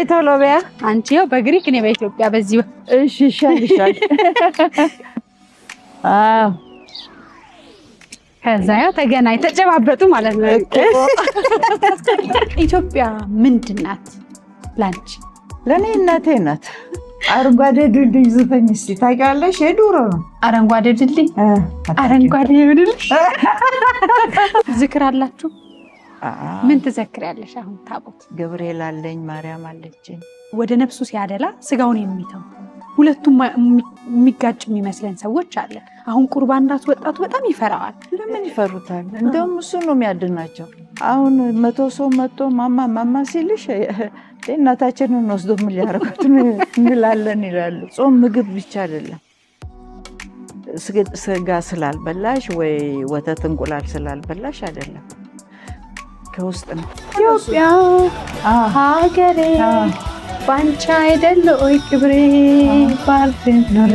በይ ቶሎ በያ። አንቺ ያው በግሪክ እኔ በኢትዮጵያ በዚህ እሺ፣ ይሻልሻል። አዎ፣ ከዛ ያው ተገናኝ ተጨባበጡ ማለት ነው። ኢትዮጵያ ምንድን ናት ላንቺ? ለእኔ እናቴ ናት። አረንጓዴ ድልድይ ዝፈኝ እስኪ ታውቂያለሽ? የዱሮ ነው። አረንጓዴ ድልድይ አረንጓዴ ድልድይ ዝክር አላችሁ ምን ትዘክሪያለሽ? አሁን ታቦት ገብርኤል አለኝ፣ ማርያም አለችኝ። ወደ ነፍሱ ሲያደላ ስጋውን የሚተው ሁለቱም የሚጋጭ የሚመስለን ሰዎች አለ። አሁን ቁርባን ራሱ ወጣቱ በጣም ይፈራዋል። ለምን ይፈሩታል? እንደውም እሱ ነው የሚያድናቸው። አሁን መቶ ሰው መጥቶ ማማ ማማ ሲልሽ እናታችንን ወስዶ ምን ሊያደርጉት እንላለን ይላሉ። ጾም ምግብ ብቻ አይደለም። ስጋ ስላልበላሽ ወይ ወተት እንቁላል ስላልበላሽ አይደለም ከውስጥ ነው። ኢትዮጵያ ሀገሬ ባንቻ አይደለ ኦይ ክብሬ ባርፌ ኖሬ